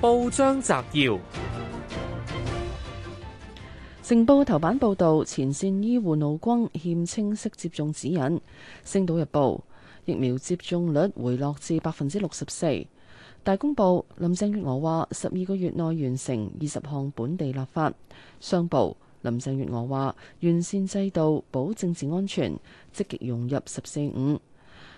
報章摘要：成報頭版報道，前線醫護勞工欠清晰接種指引。星島日報疫苗接種率回落至百分之六十四。大公報林鄭月娥話：十二個月內完成二十項本地立法。商報林鄭月娥話：完善制度，保證政治安全，積極融入十四五。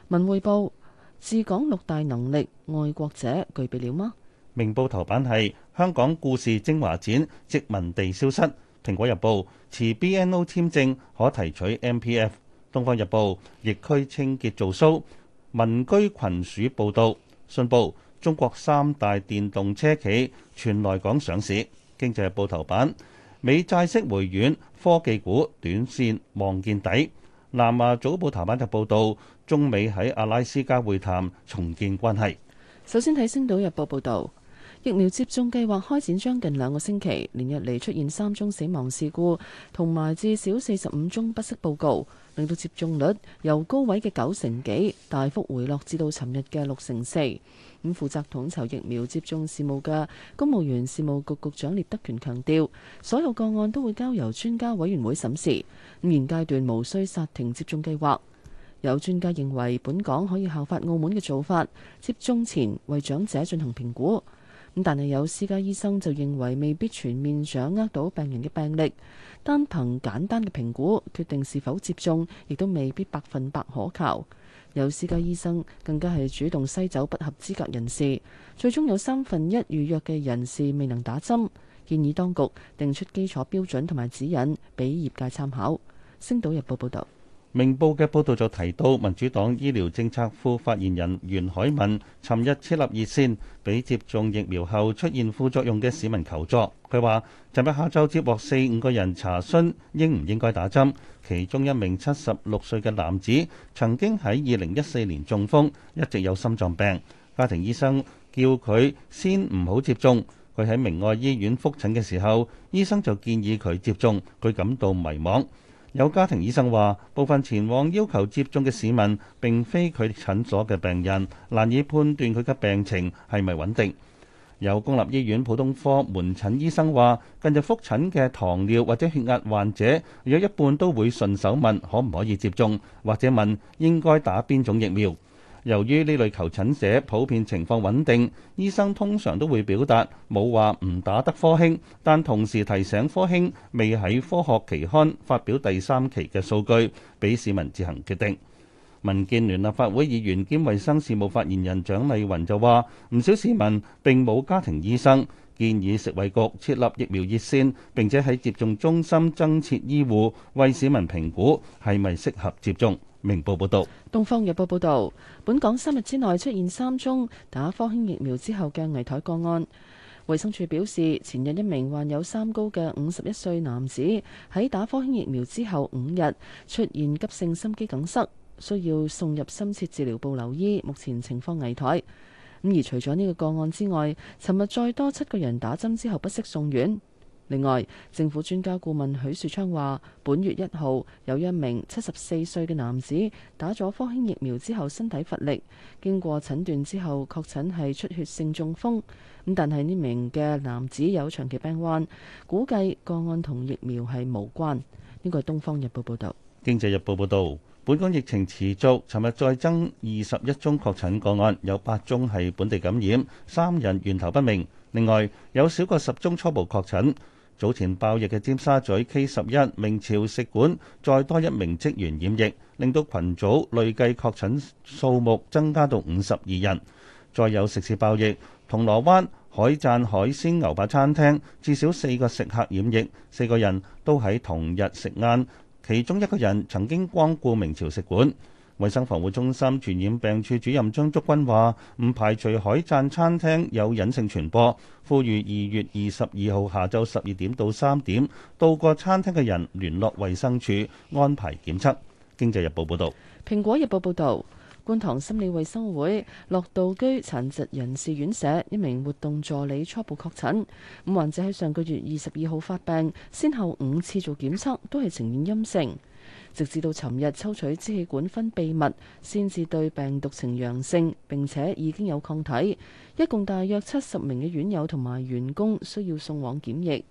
文匯報治港六大能力，愛國者具備了嗎？明報頭版係香港故事精華展，殖民地消失。蘋果日報持 BNO 簽證可提取 MPF。東方日報疫區清潔做騷。民居群署報道。信報中國三大電動車企傳來港上市。經濟日報頭版美債息回軟，科技股短線望見底。南華早報頭版就報道中美喺阿拉斯加會談重建關係。首先睇《星島日報》報道。疫苗接種計劃開展將近兩個星期，連日嚟出現三宗死亡事故，同埋至少四十五宗不適報告，令到接種率由高位嘅九成幾大幅回落至到尋日嘅六成四。咁負責統籌疫苗接種事務嘅公務員事務局局長聶德權強調，所有個案都會交由專家委員會審視。咁現階段無需煞停接種計劃。有專家認為，本港可以效法澳門嘅做法，接種前為長者進行評估。咁，但係有私家醫生就認為未必全面掌握到病人嘅病歷，單憑簡單嘅評估決定是否接種，亦都未必百分百可靠。有私家醫生更加係主動篩走不合資格人士，最終有三分一預約嘅人士未能打針。建議當局定出基礎標準同埋指引俾業界參考。星島日報報道。明報嘅報導就提到，民主黨醫療政策副發言人袁海文，尋日設立熱線，俾接種疫苗後出現副作用嘅市民求助。佢話：尋日下晝接獲四五個人查詢應唔應該打針，其中一名七十六歲嘅男子曾經喺二零一四年中風，一直有心臟病，家庭醫生叫佢先唔好接種。佢喺明愛醫院覆診嘅時候，醫生就建議佢接種，佢感到迷惘。有家庭醫生話：部分前往要求接種嘅市民並非佢哋診所嘅病人，難以判斷佢嘅病情係咪穩定？有公立醫院普通科門診醫生話：近日覆診嘅糖尿或者血壓患者，有一半都會順手問可唔可以接種，或者問應該打邊種疫苗。由於呢類求診者普遍情況穩定，醫生通常都會表達冇話唔打得科興，但同時提醒科興未喺科學期刊發表第三期嘅數據，俾市民自行決定。民建聯立法會議員兼衛生事務發言人蔣麗雲就話：唔少市民並冇家庭醫生，建議食衞局設立疫苗熱線，並且喺接種中心增設醫護，為市民評估係咪適合接種。明報報道。《東方日報》報道，本港三日之內出現三宗打科興疫苗之後嘅危殆個案。衞生署表示，前日一名患有三高嘅五十一歲男子喺打科興疫苗之後五日出現急性心肌梗塞，需要送入深切治療部留醫，目前情況危殆。咁而除咗呢個個案之外，尋日再多七個人打針之後不適送院。另外，政府專家顧問許樹昌話：本月一號有一名七十四歲嘅男子打咗科興疫苗之後身體乏力，經過診斷之後確診係出血性中風。咁但係呢名嘅男子有長期病患，估計個案同疫苗係無關。呢個係《東方日報》報導。《經濟日報》報導，本港疫情持續，尋日再增二十一宗確診個案，有八宗係本地感染，三人源頭不明。另外有少過十宗初步確診，早前爆疫嘅尖沙咀 K11 明朝食館再多一名職員染疫，令到群組累計確診數目增加到五十二人。再有食肆爆疫，銅鑼灣海讚海鮮牛扒餐廳至少四個食客染疫，四個人都喺同日食晏，其中一個人曾經光顧明朝食館。衛生防護中心傳染病處主任張竹君話，唔排除海讚餐廳有隱性傳播，呼籲二月二十二號下晝十二點到三點到過餐廳嘅人聯絡衛生署安排檢測。經濟日報報道，蘋果日報報道。觀塘心理衞生會樂道居殘疾人士院舍一名活動助理初步確診，患者喺上個月二十二號發病，先後五次做檢測都係呈現陰性，直至到尋日抽取支氣管分泌物先至對病毒呈陽性，並且已經有抗體，一共大約七十名嘅院友同埋員工需要送往檢疫。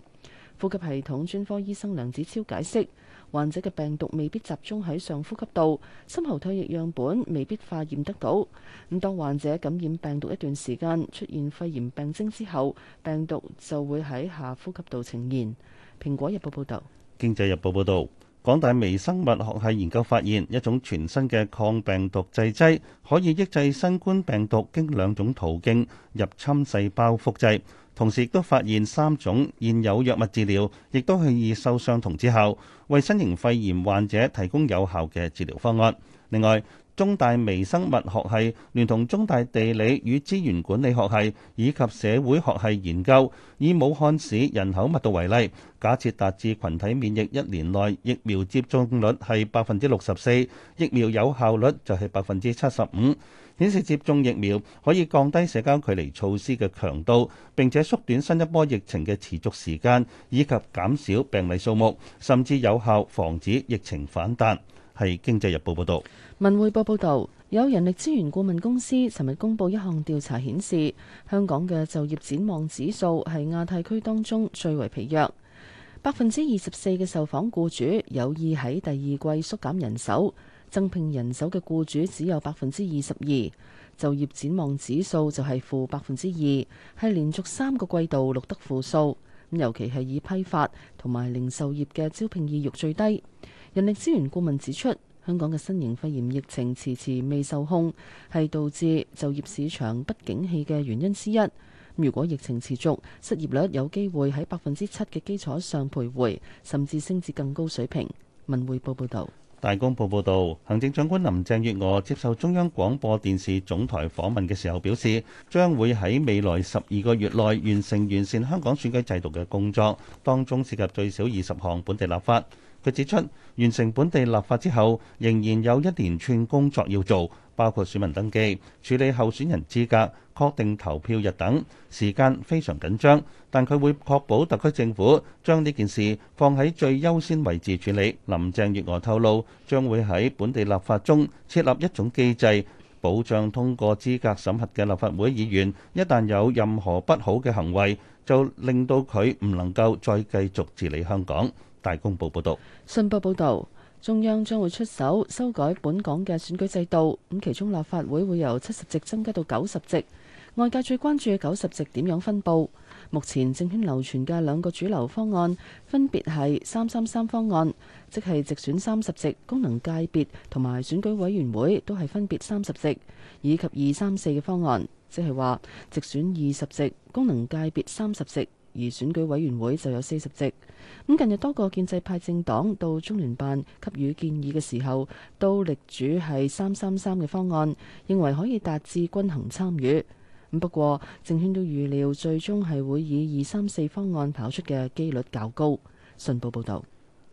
呼吸系統專科醫生梁子超解釋。患者嘅病毒未必集中喺上呼吸道，深喉唾液樣本未必化驗得到。咁當患者感染病毒一段時間，出現肺炎病徵之後，病毒就會喺下呼吸道呈現。蘋果日報報道。經濟日報報道。港大微生物學系研究發現一種全新嘅抗病毒製劑，可以抑制新冠病毒經兩種途徑入侵細胞複製。同時亦都發現三種現有藥物治療，亦都可以收相同之效，為新型肺炎患者提供有效嘅治療方案。另外，中大微生物學系聯同中大地理與資源管理學系以及社會學系研究，以武漢市人口密度為例，假設達至群體免疫，一年內疫苗接種率係百分之六十四，疫苗有效率就係百分之七十五，顯示接種疫苗可以降低社交距離措施嘅強度，並且縮短新一波疫情嘅持續時間，以及減少病例數目，甚至有效防止疫情反彈。係《經濟日報》報道，《文匯報》報道，有人力資源顧問公司尋日公布一項調查顯示，香港嘅就業展望指數係亞太區當中最為疲弱。百分之二十四嘅受訪僱主有意喺第二季縮減人手，增聘人手嘅僱主只有百分之二十二。就業展望指數就係負百分之二，係連續三個季度錄得負數。咁尤其係以批發同埋零售業嘅招聘意欲最低。人力資源顧問指出，香港嘅新型肺炎疫情遲遲未受控，係導致就業市場不景氣嘅原因之一。如果疫情持續，失業率有機會喺百分之七嘅基礎上徘徊，甚至升至更高水平。文匯報報道。大公報報道，行政長官林鄭月娥接受中央廣播電視總台訪問嘅時候表示，將會喺未來十二個月內完成完善香港選舉制度嘅工作，當中涉及最少二十項本地立法。佢指出，完成本地立法之後仍然有一連串工作要做，包括選民登記，處理候選人資格、確定投票日等，時間非常緊張。但佢會確保特區政府將呢件事放喺最優先位置處理。林鄭月娥透露，將會喺本地立法中設立一種機制，保障通過資格審核嘅立法會議員一旦有任何不好嘅行為就令到佢唔能夠再繼續治理香港。大公報報道。信報報道。中央將會出手修改本港嘅選舉制度。咁其中立法會會由七十席增加到九十席，外界最關注九十席點樣分布。目前正在流傳嘅兩個主流方案，分別係三三三方案，即係直選三十席，功能界別同埋選舉委員會都係分別三十席，以及二三四嘅方案，即係話直選二十席，功能界別三十席。而選舉委員會就有四十席。咁近日多個建制派政黨到中聯辦給予建議嘅時候，都力主係三三三嘅方案，認為可以達至均衡參與。咁不過政圈都預料最終係會以二三四方案跑出嘅機率較高。信報報道，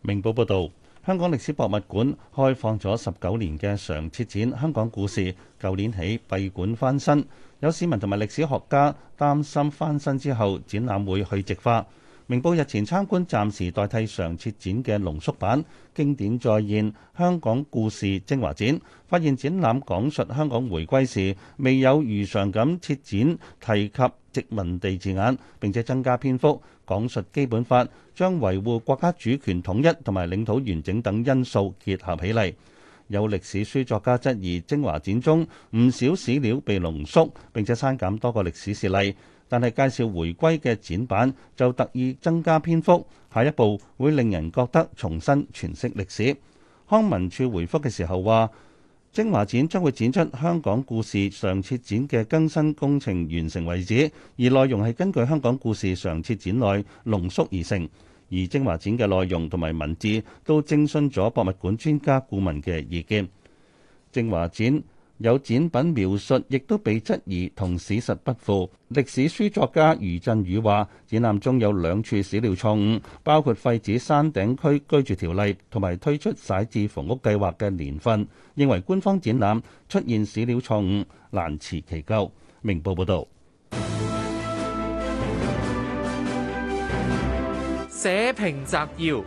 明報報道。香港歷史博物館開放咗十九年嘅常設展《香港故事》，舊年起閉館翻新，有市民同埋歷史學家擔心翻新之後展覽會去直化。明報日前參觀暫時代替常設展嘅濃縮版《經典再現：香港故事精華展》，發現展覽講述香港回歸時，未有如常咁設展提及殖民地字眼，並且增加篇幅講述基本法將維護國家主權統一同埋領土完整等因素結合起嚟。有歷史書作家質疑精華展中唔少史料被濃縮，並且刪減多個歷史事例，但係介紹回歸嘅展板，就特意增加篇幅。下一步會令人覺得重新詮釋歷史。康文署回覆嘅時候話。精華展將會展出香港故事常設展嘅更新工程完成為止，而內容係根據香港故事常設展內濃縮而成，而精華展嘅內容同埋文字都徵詢咗博物館專家顧問嘅意見。精華展。有展品描述亦都被質疑同史實不符。歷史書作家余振宇話，展覽中有兩處史料錯誤，包括廢止山頂區居住條例同埋推出徙置房屋計劃嘅年份，認為官方展覽出現史料錯誤難辭其咎。明報報道。社評摘要。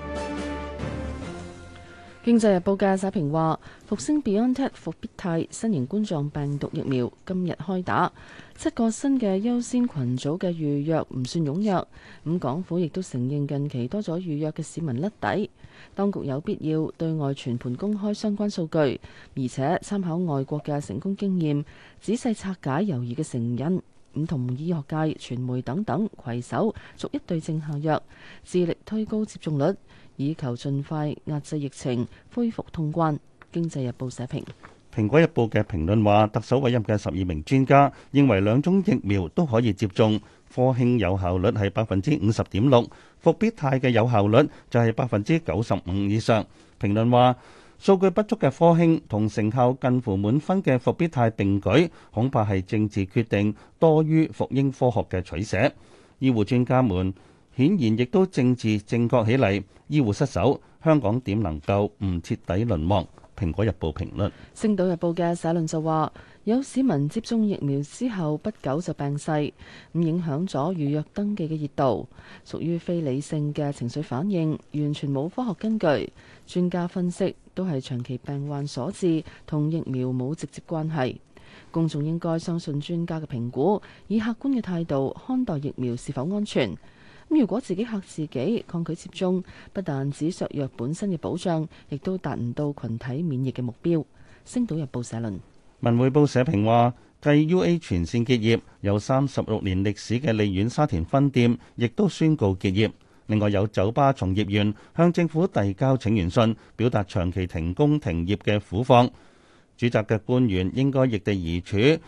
經濟日報嘅社評話：復星 BioNTech 復必泰新型冠狀病毒疫苗今日開打，七個新嘅優先群組嘅預約唔算踴躍。咁港府亦都承認近期多咗預約嘅市民甩底，當局有必要對外全盤公開相關數據，而且參考外國嘅成功經驗，仔細拆解猶豫嘅成因，咁同醫學界、傳媒等等攜手，逐一對症下藥，致力推高接種率。以求盡快壓制疫情，恢復通關。經濟日報社評。蘋果日報嘅評論話，特首委任嘅十二名專家認為兩種疫苗都可以接種。科興有效率係百分之五十點六，復必泰嘅有效率就係百分之九十五以上。評論話，數據不足嘅科興同成效近乎滿分嘅復必泰並舉，恐怕係政治決定多於服膺科學嘅取捨。醫護專家們，顯然亦都政治正確起嚟，醫護失守，香港點能夠唔徹底淪亡？《蘋果日報》評論，《星島日報》嘅社論就話：有市民接種疫苗之後不久就病逝，咁影響咗預約登記嘅熱度，屬於非理性嘅情緒反應，完全冇科學根據。專家分析都係長期病患所致，同疫苗冇直接關係。公眾應該相信專家嘅評估，以客觀嘅態度看待疫苗是否安全。咁如果自己嚇自己抗拒接種，不但只削弱本身嘅保障，亦都達唔到群體免疫嘅目標。星島日報社論。文匯報社評話，繼 U A 全線結業，有三十六年歷史嘅利苑沙田分店，亦都宣告結業。另外有酒吧從業員向政府遞交請願信，表達長期停工停業嘅苦況。主責嘅官員應該易地而處，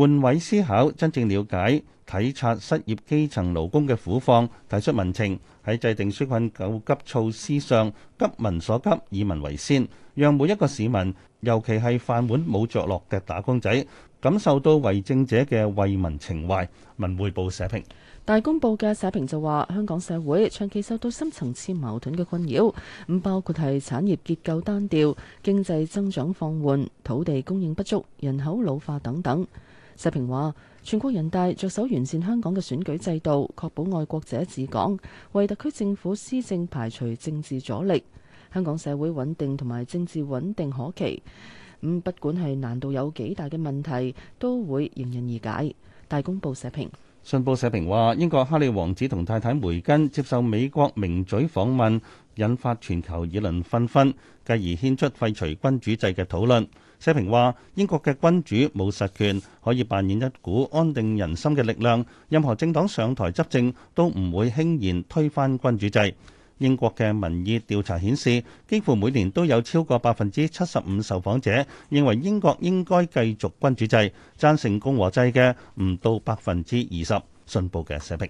換位思考，真正了解。體察失業基層勞工嘅苦況，提出民情，喺制定紓困救急措施上急民所急，以民為先，讓每一個市民，尤其係飯碗冇着落嘅打工仔，感受到為政者嘅為民情懷。文匯報社評，大公報嘅社評就話：香港社會長期受到深層次矛盾嘅困擾，咁包括係產業結構單調、經濟增長放緩、土地供應不足、人口老化等等。社評話：全國人大着手完善香港嘅選舉制度，確保愛國者治港，為特區政府施政排除政治阻力。香港社會穩定同埋政治穩定可期。咁、嗯、不管係難度有幾大嘅問題，都會迎刃而解。大公報社評。信報社評話，英國哈利王子同太太梅根接受美國名嘴訪問，引發全球議論紛紛，繼而牽出廢除君主制嘅討論。社評話，英國嘅君主冇實權，可以扮演一股安定人心嘅力量，任何政黨上台執政都唔會輕言推翻君主制。英國嘅民意調查顯示，幾乎每年都有超過百分之七十五受訪者認為英國應該繼續君主制，贊成共和制嘅唔到百分之二十。信報嘅社評。